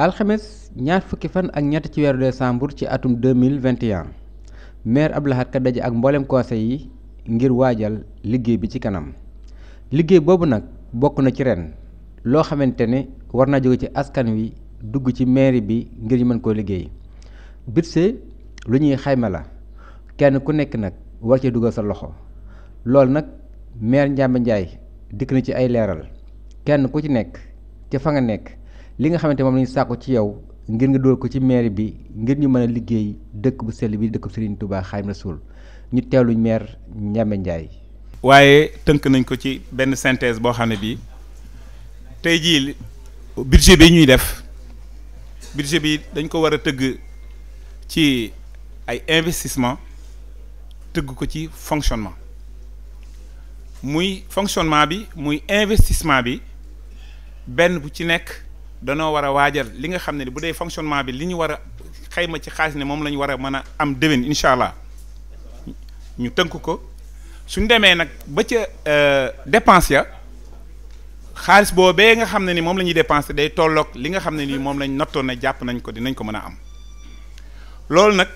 alxames ñaar fukki fan ak ñett ci weeru décembre ci atum 2021 maire Abdou Lahad Ka daje ak mboolem conseil yi ngir waajal liggéey bi ci kanam liggéey boobu nag bokk na ci ren loo xamante ne war na jóge ci askan wi dugg ci mairie bi ngir ñu mën koo liggéey budget lu ñuy xayma la kenn ku nekk nag war cee dugal sa loxo loolu nag maire Ndiamé Ndiaye dikk na ci ay leeral kenn ku ci nekk ca fa nga nekk li nga xamante moom la ñu sàkku ci yow ngir nga dóor ko ci maire bi ngir ñu mën a liggéey dëkk bu sell bi dëkk bu Serigne Touba Xaadimu Rasuul ñu teewluñ meer Ndiamé Ndiaye. waaye tënk nañ ko ci benn synthèse boo xam ne bi tey jii budget bi ñuy def budget bi dañ ko war a tëgg ci ay investissement tëgg ko ci fonctionnement muy fonctionnement bi muy investissement bi benn bu ci nekk. danoo war a waajal li nga xam ne bu dee fonctionnement bi li ñu war a xayma ci xaalis ne moom lañu war a mën a am déwén incha allah ñu tënk ko suñ demee nag ba ca euh, dépense ya xaalis boobee nga xam ne ni moom la ñuy dépensé day tollook li nga xam ne nii moom lañ nottoon ne jàpp nañ ko dinañ ko mën a am loolu nag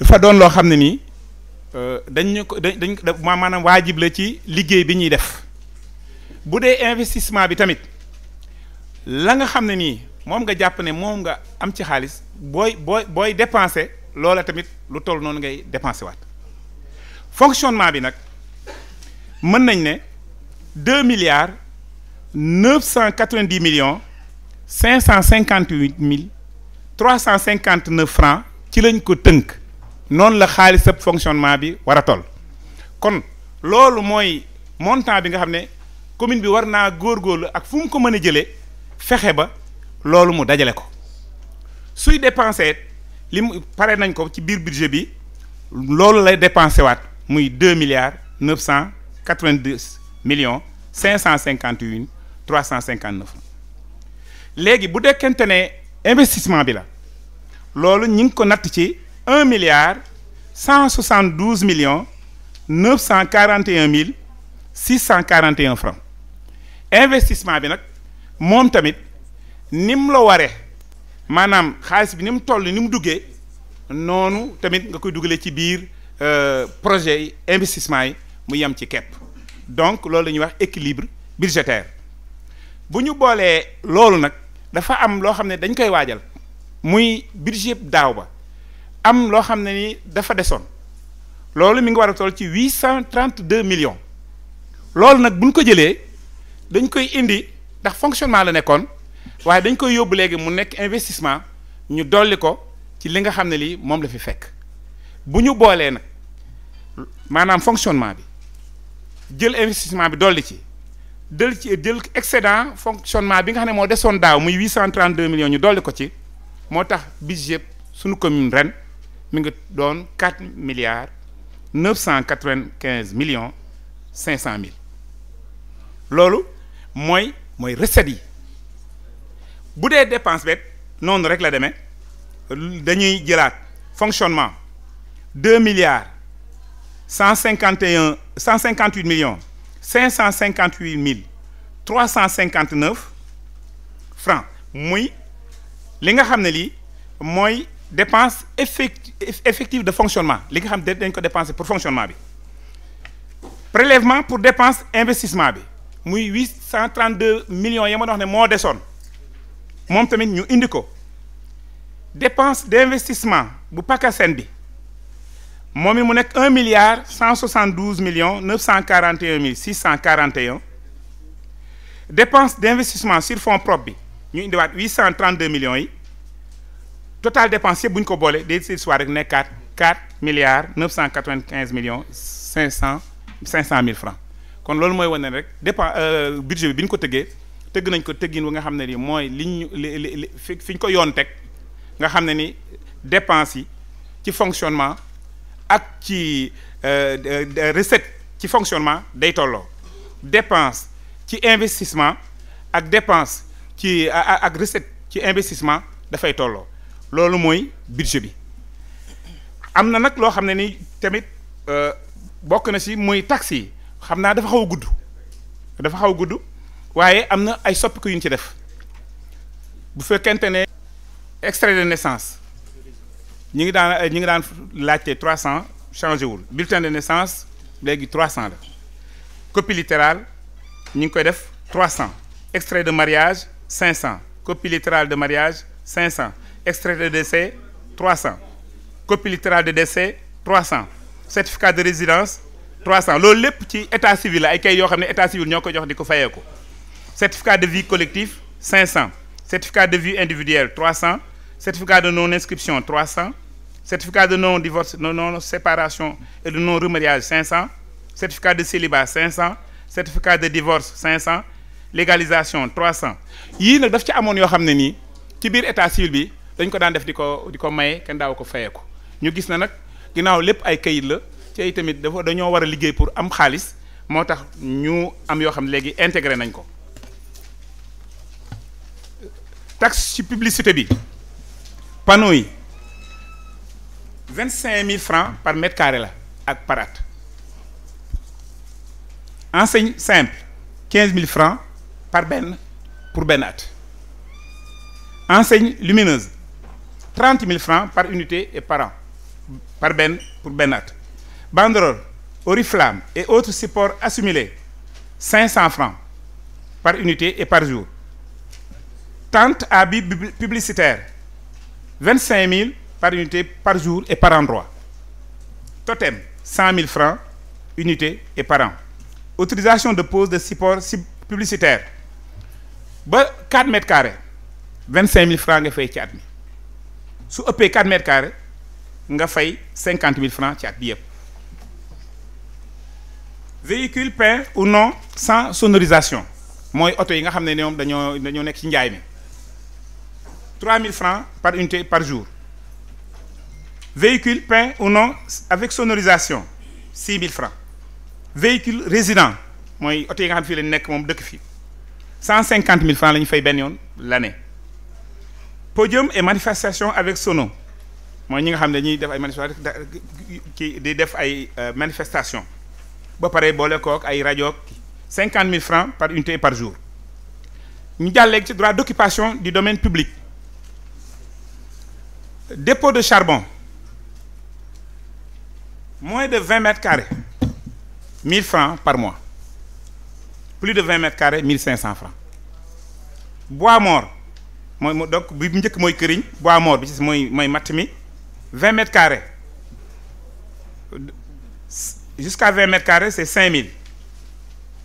dafa doon loo xam ne nii euh, dañ ñu ko dañ dañ maanaam waajib la ci liggéey bi ñuy def bu dee investissement bi tamit. la nga xamné ne mom nga japp ne mom nga am ci xaliss boy boy boy dépenser loola tamit lu toll non ngay dépenser wat fonctionnement bi nak mën nañ né deux milliards neuf cent quatre-vingt-dix millions cinq cent cinquante-huit mille trois cent cinquante-neuf francs ci lañ ko teunk non la xaliss ab fonctionnement bi wara toll kon loolu moy montant bi nga xamné ne commune bi warna gorgol ak fu mu ko mën a faire ça, c'est ce qu'il faut. Si on dépense, ce qu'on parle dans le budget, c'est ce qu'on dépense. C'est 2 milliards 992 millions 551 359 francs. Maintenant, si on tient l'investissement, c'est ce qu'on a fait 1 milliard 172 millions 941 641 francs. L'investissement, c'est moom tamit ni mu la waree maanaam xaalis bi ni mu toll ni mu duggee noonu tamit nga koy dugalee ci biir euh, projet yi investissement yi mu yem ci kepp donc loolu la ñuy wax équilibre budgétaire bu ñu boolee loolu nag dafa am loo xam ne dañ koy waajal muy budget daaw ba am loo xam ne ni dafa desoon loolu mi ngi war a toll ci huit cent trente deux millions loolu nag buñ ko jëlee dañ koy indi ndax fonctionnement la nekkoon waaye dañ koy yóbbu léegi mu nekk investissement ñu dolli ko ci li nga xam le lii moom la fi fekk bu ñu fonctionnement bi jël investissement bi dolli ci dël ci excédent fonctionnement bi nga muy 832 millions ñu dolli ko ci moo budget suñu commune ren mi ngi doon 4 milliards 995 millions 500 mille loolu mooy moy recettes yi dépenses dépense bet rek la démé dañuy fonctionnement 2 milliards 151 158 millions 558 359 francs oui li nga xamné li moy dépense effective de fonctionnement li nga xam ko dépenser pour fonctionnement bi prélèvement pour dépenses investissement 832 millions yama dox ne mo déssone mom tamit ñu indi ko dépense d'investissement bu pakasen bi momi mu nek 1 milliard 172 millions 941 641 dépense d'investissement sur fonds propres bi ñu indi wat 832 millions yi total dépense buñ ko bolé dé ci soir rek nekkat 4 milliards 995 millions 500 500 000 francs kon loolu mooy wane rek dépense euh, budget bi bi ñu ko tëggee tëgg nañ ko tëggin bu nga xam ne ni mooy liñ li fi fi ñu ko yoon teg nga xam ne ni dépense yi ci fonctionnement ak ci euh, recette ci fonctionnement day tolloo dépense ci investissement ak dépense ci ak recette ci investissement dafay tolloo loolu mooy budget bi am na nag loo xam ne ni tamit euh, bokk na si muy taxes xamna dafa xaw guddou dafa xaw guddou waye amna ay sopp ko yuñ ci def bu extrait de naissance ñi ngi daan ñi 300 changé wul bulletin de naissance légui 300 copie littérale ñi 300 extrait de mariage 500 copie littérale de mariage 500 extrait de décès 300 copie littérale de décès 300 certificat de résidence 300 loolu lépp ci état civil la ay kay yoo ce état civil ñoo jox di certificat de vie collectif 500 certificat de vie individuel, 300 certificat de non inscription 300 certificat de non divorce non séparation et de non remariage 500 certificat de célibat 500 certificat de divorce 500 légalisation 300 Yi nak daf ci amoon yo xam ni, ci état civil bi dañ ko daan def diko ko di ce maye kenn daaw ko fayee ko gis na ay si tamit dafa dañoo pour am xaalis moo taxe publicité bi panneau 25 000 francs par mètre carré la ak par enseigne simple 15 000 francs par ben pour Benat. enseigne lumineuse 30 000 francs par unité et par an par ben pour Benat banderoles, oriflamme et autres supports assimilés, 500 francs par unité et par jour. Tente à publicitaires, publicitaires, 25 000 par unité par jour et par endroit. Totem, 100 000 francs, unité et par an. Autorisation de pose de supports publicitaires, 4 mètres carrés, 25 000 francs nga fay 4 4 mètres carrés nga fay 50 000 francs 4 véhicule peint ou non sans sonorisation C'est ce nga avons fait francs par unité par jour véhicule peint ou non avec sonorisation 6 000 francs véhicule résident C'est ce nga xam fait 150 000 francs l'année podium et manifestation avec sono Nous ñi nga xam euh, manifestations par jour. Nous avons le droit d'occupation du domaine public. Dépôt de charbon, moins de 20 mètres carrés, 1000 francs par mois. Plus de 20 mètres carrés, 1500 francs. Bois mort, donc, je suis bois mort, c'est 20 mètres carrés jusqu'à 20 mètres carrés, c'est 5 000.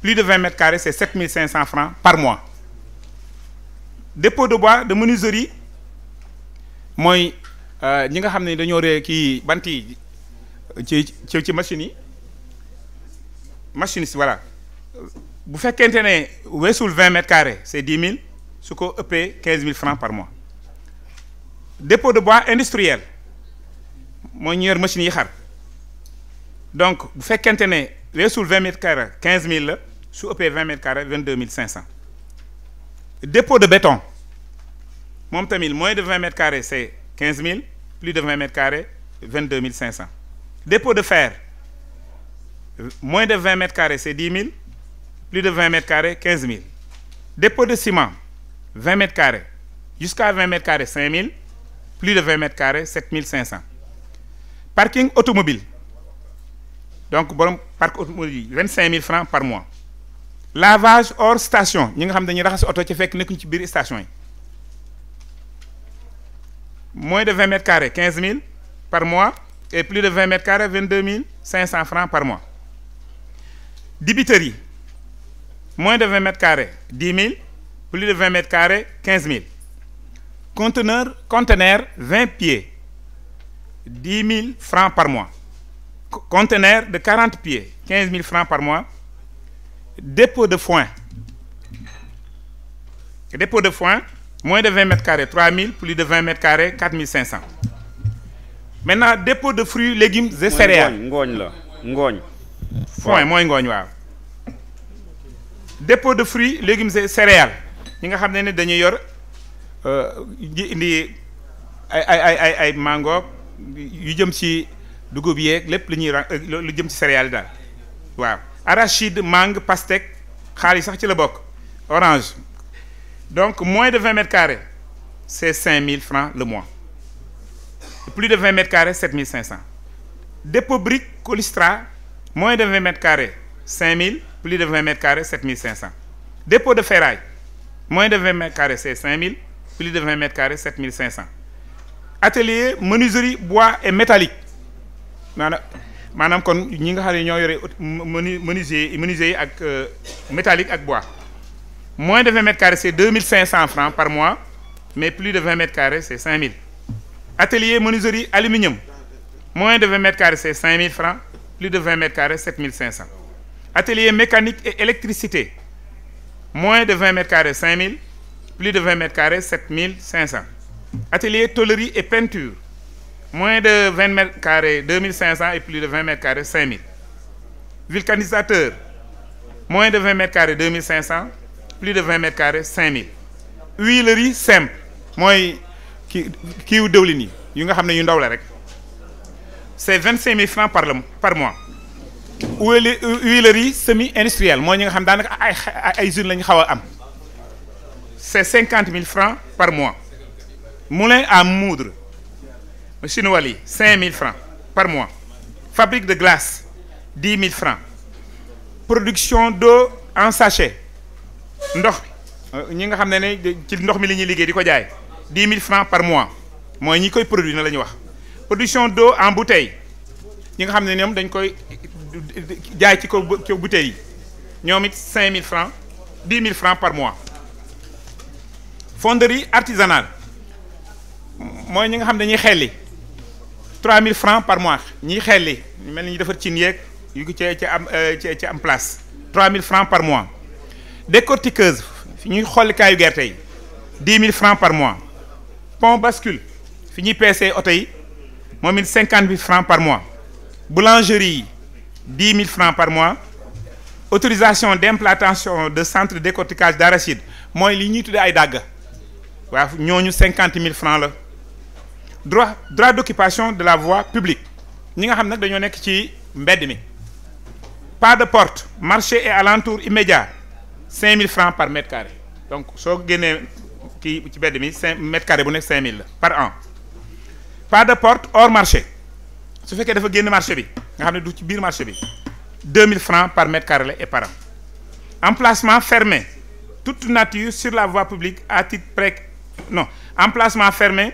Plus de 20 mètres carrés, c'est 7 500 francs par mois. dépôt de bois de menuiserie nous euh, avons nga xam ne dañoo ree kii machine ci ci machine yi machiniste voilà bu vous faites 20 20 mètres carrés c'est 10 000, ce qu'on ëppee 15 000 francs par mois dépôt de bois industriel Moi, ñu machine machines donc, vous faites qu'un tenez, le sous 20 mètres carrés, 15 000, sous 20 mètres carrés, 22 500. Dépôt de béton, moins de 20 mètres carrés, c'est 15 000, plus de 20 mètres carrés, 22 500. Dépôt de fer, moins de 20 mètres carrés, c'est 10 000, plus de 20 mètres carrés, 15 000. Dépôt de ciment, 20 mètres carrés, jusqu'à 20 mètres carrés, 5 000, plus de 20 mètres carrés, 7 500. Parking automobile, donc, parc automobile, 25 000 francs par mois. Lavage hors station. Nous avons fait une station. Moins de 20 mètres carrés, 15 000 par mois. Et plus de 20 mètres carrés, 22 500 francs par mois. Dibiterie. Moins de 20 mètres carrés, 10 000. Plus de 20 mètres carrés, 15 000. Conteneur, conteneur, 20 pieds. 10 000 francs par mois conteneur de 40 pieds, 15 000 francs par mois. Dépôt de foin. Dépôt de foin, moins de 20 mètres carrés, 3 000, plus de 20 mètres carrés, 4 500. Maintenant, dépôt de fruits, légumes et céréales. moins Dépôt de fruits, légumes et céréales. Nous avons des mango, du gobier le li lu euh, céréales dal arachide mangue pastèque xaalis sax bok orange donc moins de 20 mètres carrés c'est 5000 francs le mois plus de 20 mètres carrés 7500 dépôt brique colistra moins de 20 mètres carrés 5000 plus de 20 mètres carrés 7500 dépôt de ferraille moins de 20 mètres carrés c'est 5000 plus de 20 mètres carrés 7500 atelier menuiserie bois et métallique manam kon ñi nga xamni ñoo yoré euh, métallique avec bois moins de 20 mètres carrés c'est 2500 francs par mois mais plus de 20 mètres carrés c'est 5000 atelier menuiserie aluminium moins de 20 mètres carrés c'est 5000 francs plus de 20 mètres carrés 7500 atelier mécanique et électricité moins de 20 mètres carrés 5000 plus de 20 mètres carrés 7500 atelier tollerie et peinture moins de 20 mètres carrés 2500 et plus de 20 mètres carrés 5000 vulcanisateur moins de 20 mètres carrés 2500 plus de 20 mètres carrés 5000 huilerie simple Moi, qui est de yi c'est 25 000 francs par mois huilerie semi industrielle Moi, vous savez xam ay c'est 50 000 francs par mois moulin à moudre Monsieur Nouali, 5 000 francs par mois. Fabrique de glace, 10 000 francs. Production d'eau en sachet. Nous avons dit que nous avons dit que nous avons 10 000 francs par mois. Moi, je produit. Production d'eau en bouteille. Nous avons dit que nous avons dit que nous avons 5 000 francs, 10 000 francs par mois. Fonderie artisanale. Moi, je suis dit que nous avons dit 3 000 francs par mois 3 xelli en euh, francs par mois décortiqueuse 10 000 francs par mois pont bascule fi 50 000 francs par mois boulangerie 10 000 francs par mois autorisation d'implantation de centre de décortiquage d'arachide moins li 50 000 francs droit d'occupation de la voie publique ñi nga xam nak dañu nek ci mi pas de porte marché et alentour immédiat 5 000 francs par mètre carré donc si vous ki ci mbedd mi cinq mètre carré bu nek cinq par an pas de porte hors marché su qui dafa qu'il marché bi nga xam du ci marché bi 000 francs par mètre carré et par an emplacement fermé toute nature sur la voie publique à titre pré non emplacement fermé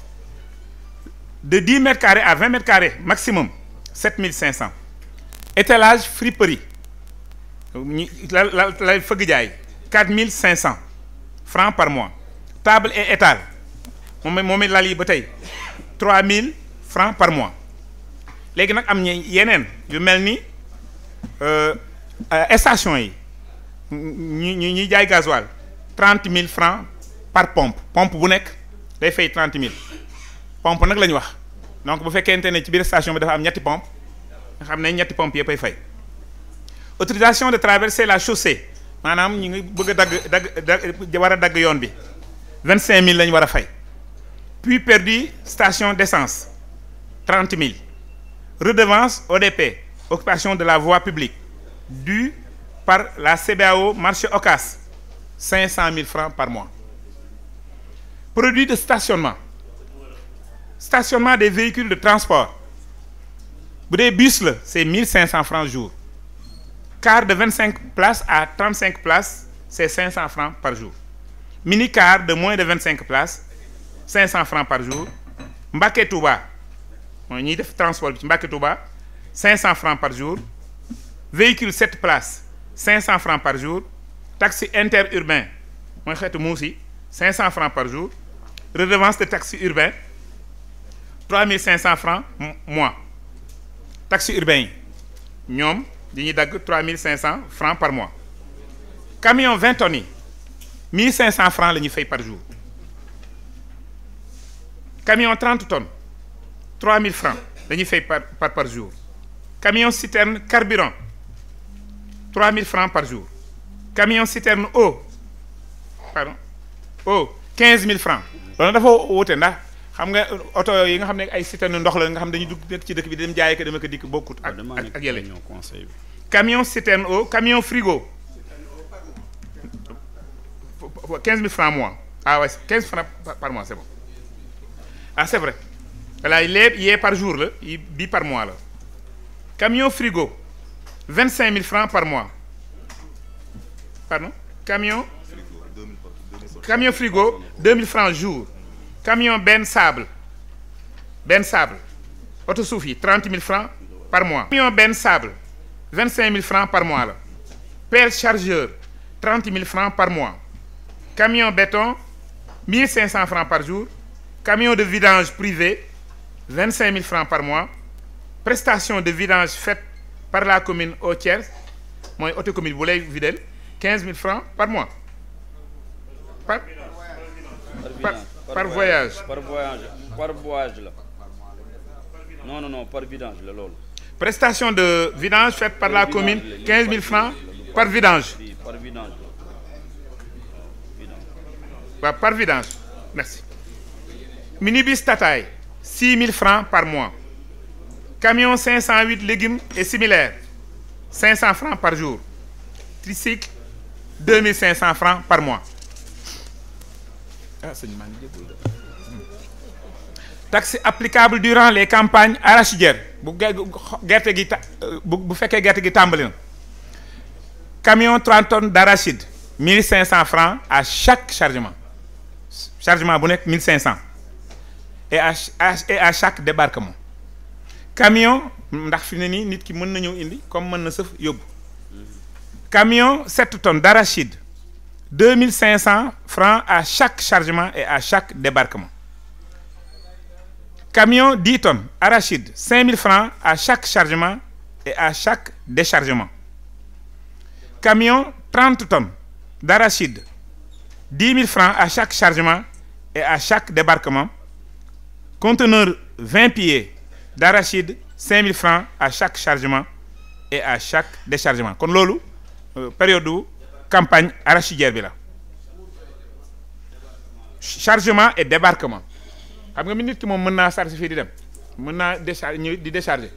de 10 mètres carrés à 20 mètres carrés maximum 7500 étalage friperie 4500 francs par mois table et étal 3000 francs par mois Les gens qui ont yu stations, ni euh, station yi gasoil 30 000 francs par pompe pompe bu 30 000 pompe nak lañ wax donc bu fekkente ne ci station bi dafa am ñetti pompe nga ñetti autorisation de traverser la chaussée manam ñi ngi bëgg puis perdu station d'essence 30 000. redevance ODP occupation de la voie publique due par la CBAO marché Ocas, 500 000 francs par mois produit de stationnement stationnement des véhicules de transport. bus, c'est 1500 francs jour. Car de 25 places à 35 places, c'est 500 francs par jour. Mini-car de moins de 25 places, 500 francs par jour. Mbaketouba, on 500 francs par jour. Véhicule 7 places, 500 francs par jour. Taxi interurbain, 500 francs par jour. Redevance de taxi urbain, 3500 francs mois taxi urbain nous avons 3500 francs par mois camion 20 tonnes 1500 francs par jour camion 30 tonnes 3000 francs par par jour camion citerne carburant 3000 francs par jour camion citerne eau pardon eau 15000 francs dafa vous avez Vous avez un Camion citerne eau, camion frigo. 15 000 francs par mois. Ah ouais, 15 francs par mois, c'est bon. Ah, c'est vrai. il est, par jour, il est par mois. Camion frigo, 25 000 francs par mois. Pardon Camion Camion frigo, 2 000 francs jour camion Ben Sable. Ben Sable. Autosoufi, 30 000 francs par mois. Camion Ben Sable, 25 000 francs par mois. chargeur, 30 000 francs par mois. Camion béton, 1 500 francs par jour. Camion de vidange privé, 25 000 francs par mois. Prestation de vidange faite par la commune Autière, commune autocommune Boulay Videl, 15 000 francs par mois par voyage par voyage par non non non par vidange prestation de vidange faite par la commune 15 000 francs par vidange. par vidange par vidange merci. minibus Tataï, 6 000 francs par mois. camion 508 légumes et similaires 500 francs par jour. tricycle 2500 francs par mois ah taxe applicable durant les campagnes arachidières euh, camion 30 tonnes d'arachide 1500 francs à chaque chargement chargement 1500 et à chaque débarquement camion comme camion 7 tonnes d'arachide 2500 francs à chaque chargement et à chaque débarquement. Camion 10 tonnes, arachide, 5000 francs à chaque chargement et à chaque déchargement. Camion 30 tonnes d'arachide, 10 000 francs à chaque chargement et à chaque débarquement. Conteneur 20 pieds d'arachide, 5000 francs à chaque chargement et à chaque déchargement. comme euh, période campagne arachidière bi chargement et débarquement xam nga minute que décharger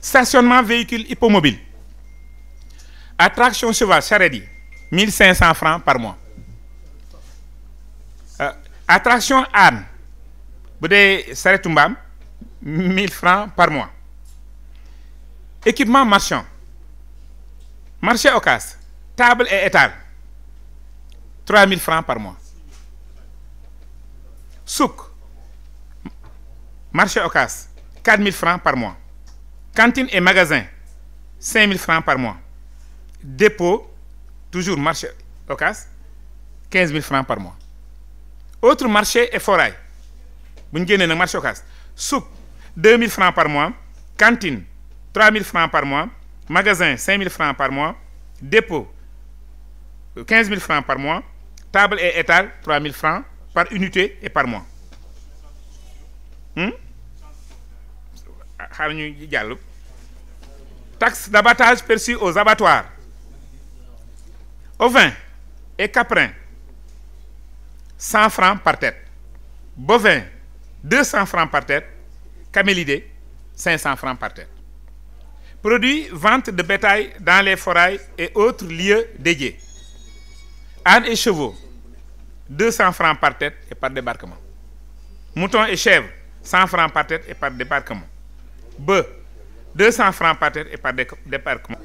stationnement véhicule hippomobile Attraction cheval charrette 1500 francs par mois euh, Attraction arme. âne bu francs par mois équipement marchand marché casse, table et étal 000 francs par mois souk marché 4 000 francs par mois cantine et magasin 5 000 francs par mois dépôt toujours marché occas 15 000 francs par mois autre marché et forêt. Vous avez un marché souk 2000 francs par mois cantine 3 000 francs par mois magasin 5000 francs par mois dépôt 15000 francs par mois table et étal 3000 francs par unité et par mois hmm? taxe d'abattage perçue aux abattoirs ovins et caprins 100 francs par tête bovins 200 francs par tête camélidés 500 francs par tête Produits, vente de bétail dans les forêts et autres lieux dédiés. Ânes et chevaux, 200 francs par tête et par débarquement. Moutons et chèvres, 100 francs par tête et par débarquement. Bœufs, 200 francs par tête et par débarquement.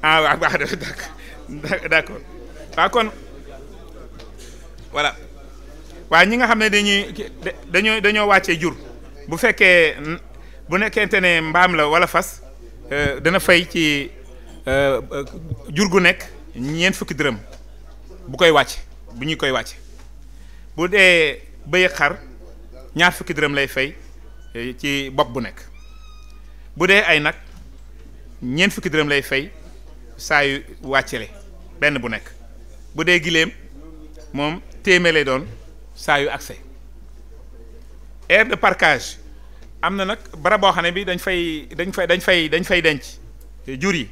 Ah, ah, ah d'accord. D'accord. Par contre, voilà. waaye ñi nga xam ne dañuy dañoo dañoo wàccee jur bu fekkee bu nekkente ne mbaam la wala fas Euh, dana fay ci euh, jur gu nekk ñeent fukki dërëm bu koy wàcc bu ñuy koy wàcc bu dee bëy xar ñaar fukki dërëm lay fay euh, ci bopp bu nekk bu dee ay nag ñeent fukki dërëm lay fay saa yu wàccale benn bu nekk bu dee giléem moom téeméer lay doon saa yu accès aire de parcage amna nak bara bo xane bi dañ fay dañ fay dañ fay dañ fay denc te yi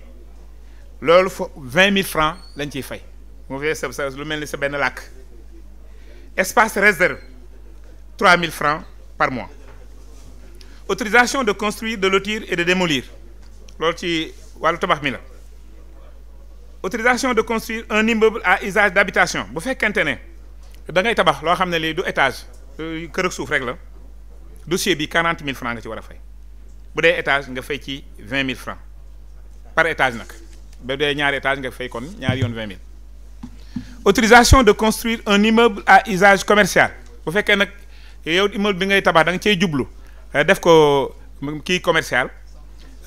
lolou 20000 vingt mille francs lañ ci fay mo fee sa sa lu melni sa ben làkk espace réserve 3000 francs par mois autorisation de construire de lotir et de démolir loolu ci walu tabakh mi la autorisation de construire un immeuble à usage d'habitation bu fekkente ne da ngay tabakh lo xam li du étage kër souf rek la dossier bi 40 000 francs que tu fay budé étage nga fay 20 000 francs par étage nak budé un étage nga fay 20 000 autorisation de construire un immeuble à usage commercial bu féké nak yow immeuble bi ngay tabax dang cey djublu eh, def ko mm, ki commercial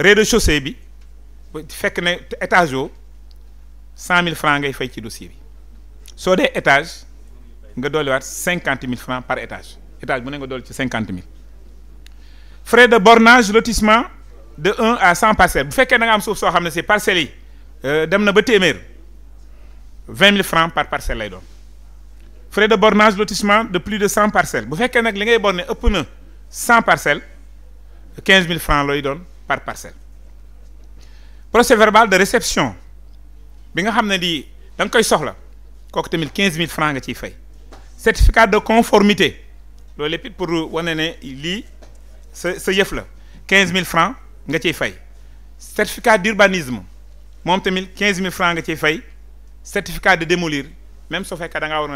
rez-de-chaussée est fekk ne étage 100 000 francs ngay fay ci dossier bi étage nga 50 000 francs par étage étage bu ne 50 000 frais de bornage, lotissement de 1 à 100 parcelles. Vous faites vous avez ces parcelles, vous avez 20 000 francs par parcelle. Frais de bornage, lotissement de plus de 100 parcelles. Vous faites que vous avez 100 parcelles, 15 000 francs par parcelle. Procès verbal de réception. Vous avez dit, donc il sort là, 15 000 francs. Certificat de conformité. Pour vous, vous avez dit, ce yef 15 000 francs nga ci certificat d'urbanisme 15 000 francs nga ci certificat de démolir même si vous da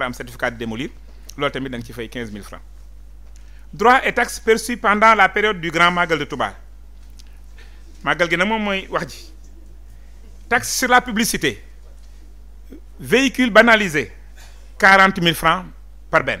un certificat de démolir lol tamit 15 000 francs droit et taxes perçus pendant la période du grand magal de touba magal gi taxe sur la publicité véhicule banalisé 40 000 francs par ben.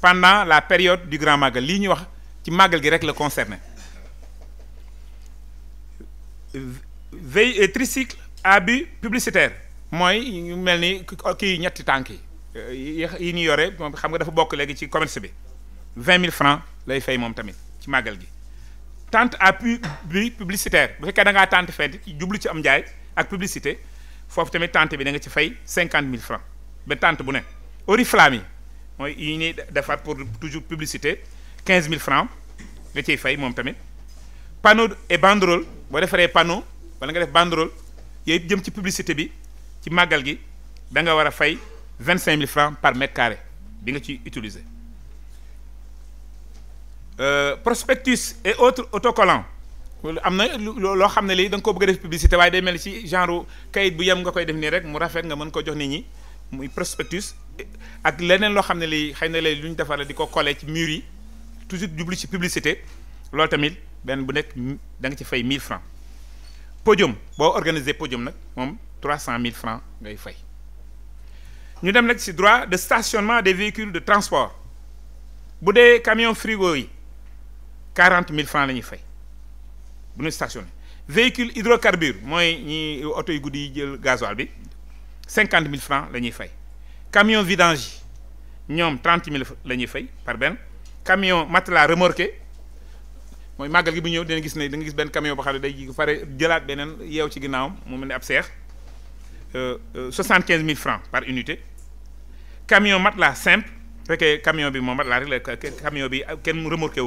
pendant la période du grand magal li ñu wax ci magal gi rek le concernant. veille tricycle abi publicitaire moy ñu Je ki ñetti tanki Je ne sais pas nga dafa bok légui ci commerce bi 20 000 francs lay fay mom tamit ci magal gi tante a pu bi publicitaire bu fekkee da nga tante fait jublu ci am jaay ak publicité foofu tamit tante bi da nga ci 50 000 francs Mais tente bu ne oriflamme y yi ñuy defar pour toujours publicité 15 000 francs nga ciy fay moom tamit panneau et banderole les panneaux, panneau wala nga def banderole yooyu jëm ci publicité bi ci m'a gi da nga war a fay vingt 25 000 francs par mètre carré bi nga tu utiliser euh, prospectus et autres autocollants amna lo loo li da nga ko bëgg def publicité way day mel ci genre kayit bu yam nga koy def ni rek mu rafet nga mën ko jox nit muy prospectus ak leneen loo xam ne lii xëy na léegi lu ñu defar di ko coller ci mur yi toujours jublu ci publicité loolu tamit benn bu nekk da nga ci fay 1000 francs podium boo organiser podium nag moom 300000 francs ngay fay ñu dem nag ci droit de stationnement des véhicules de transport bu dee camion frigo yi 40000 francs la ñuy fay bu ñu stationné véhicule hydrocarbure mooy ñi auto yi guddi yi jël gasoil bi 50 000 francs l'année fait. Camion vidange, 30 000 l'année par ben. Camion matelas remorqué, magal camion benen, y a aussi qui naom, 75 000 francs par unité. Camion matelas simple, parce que camion matelas, le camion bi, quel remorqué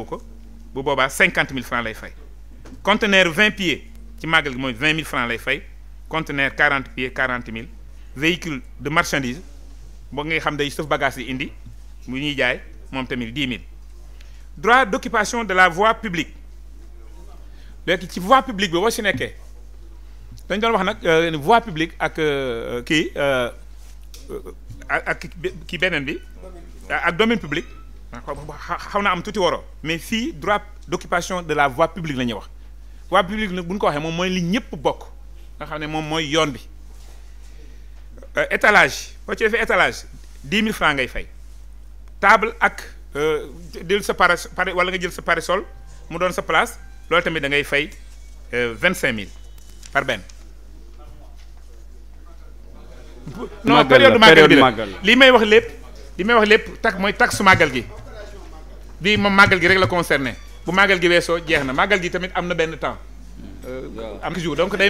50 000 francs l'année fait. Conteneur 20 pieds, 20 000 francs l'année fait. Conteneur 40 pieds, 40 000 véhicule de marchandises boo ngay xam day un bagage indi mu ñuy jaay moom tamit dix mille droit d'occupation de la voie publique léegi ci voie publique bi boo si dañ euh, voie publique ak est euh, euh, ak ki qui bi ak domaine public xawna am touti woro mais si, droit d'occupation de la voie publique la wax voie publique nag bu ko waxe mom moy li ñepp bok nga xam mom moy yoon bi euh, étalage boo ci defee étalage francs table ak euh, jël sa wala nga parasol mu doon sa place loolu tamit da ngay euh, par non période la li may wax may wax concerné bu màggal gi weesoo jeex na gi tamit am temps. am donc day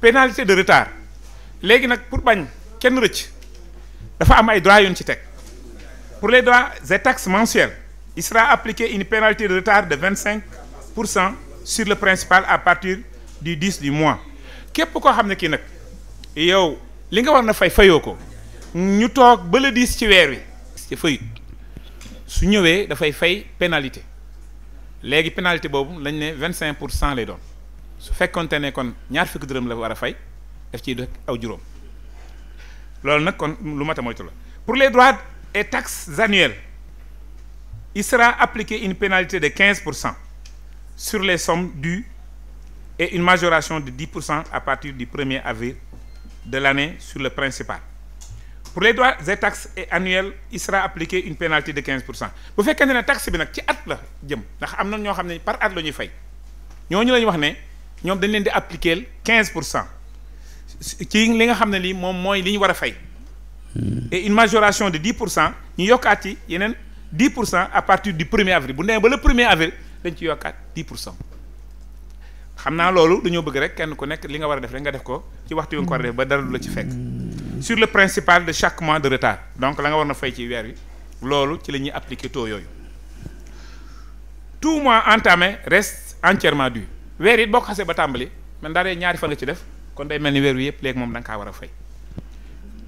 pénalité de retard. pour les ne droits. Pour les droits et taxes mensuelles, il sera appliqué une pénalité de retard de 25% sur le principal à partir du 10 du mois. Qu'est-ce que vous savez que vous avez fait, nous sommes tous les 10 qui sont venus. C'est fait. Si nous avons fait une pénalité, pénalité est de 25% les dons su kon ñaar la fay daf aw kon moytu la pour les droits et taxes annuelles il sera appliqué une pénalité de 15 sur les sommes dues et une majoration de 10 à partir du 1er avril de l'année sur le principal pour les droits et taxes annuelles il sera appliqué une pénalité de 15 pour qu'il bu fekkente une taxe bi nag ci at la jëm par ñom dañ leen di appliquer 15% ce li nga xamné li mom moy li ñu wara fay hmm. et une majoration de 10% ñu yokkat ci yenen 10% à partir du 1er avril vous né ba le 1er avril dañ ci yokkat 10% xamna lolu dañu bëgg rek kenn ku nekk li nga wara def rek def ko ci ko def ba hmm. sur le principal de chaque mois de retard donc la nga warna fay ci wér wi lolu tout mois entamé reste entièrement dû weer it xasse ba tambali man daa dee ñaari fan nga ci def kon day melni wéru yépp légui mom da nga fay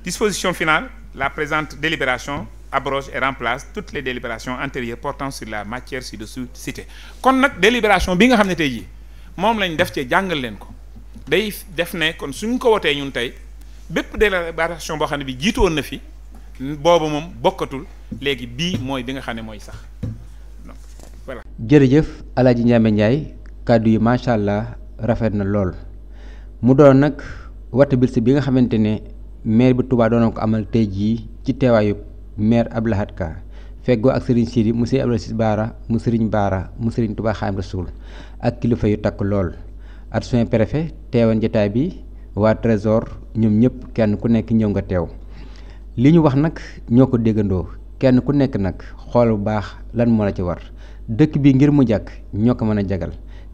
disposition finale la présente délibération abroge et remplace toutes les délibérations antérieures portant sur la matière ci-dessous citée kon nak délibération bi nga xamné ne tey mom lañ def ci jàngal leen ko day def né kon suñ ko woté ñun tey bépp délibération bo xamné bi jiitu woon na fi boobu mom bokatul légui bi moy bi nga xamné ne sax voilà. jërëjëf El Hadj Ndiame kàddu yi macha allah rafet na lool mu doon nag wata bilsi bi nga xamante ne mair bi Touba doon ko amal tey jii ci teewaayu mair ab Lahad fegoo ak Serigne Sidi mu Serigne Abdou Aziz Baara mu Serigne Baara mu Serigne Touba Xaadimu ak kilifa yu takk lool at suñu préfet teewoon jotaay bi waa trésor ñoom ñëpp kenn ku nekk ñëw nga teew li ñu wax nag ñoo ko déggandoo kenn ku nekk nag xool bu baax lan moo la ci war dëkk bi ngir mu jàkk ñoo ko mën a jagal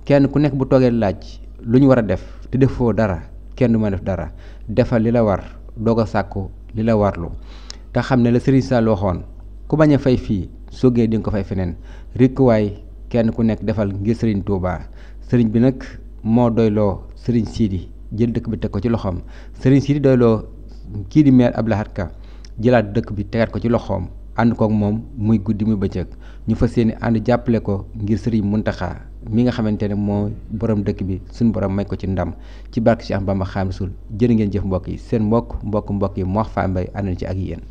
kenn ku nekk bu toogee laaj lu ñu war a def te defoo dara kenn du ma def dara defal li la war doog a sàkku li la warlu te xam ne la serigne Sall waxoon ku bañ a fay fii sóogee di nga ko fay feneen rikkuwaay kenn ku nekk defal ngir serigne Touba serigne bi nag moo doyloo serigne Sidi jël dëkk bi teg ko ci loxoom serigne Sidi doyloo kii di meer Abdou Lahad Ka jëlaat dëkk bi tegaat ko ci loxoom ànd koog moom muy guddi muy bëccëg ñu fas yéene ànd jàppale ko ngir serigne Muntaxa mi nga xamante ne moo borom dëkk bi suñu borom may ko ci ndam ci barke ba ma xaam Rasuul jërë ngeen jëf mbokk yi seen mbokk mbokk mbokk yi Mor Fama Mbaye ànd na ci ak yéen.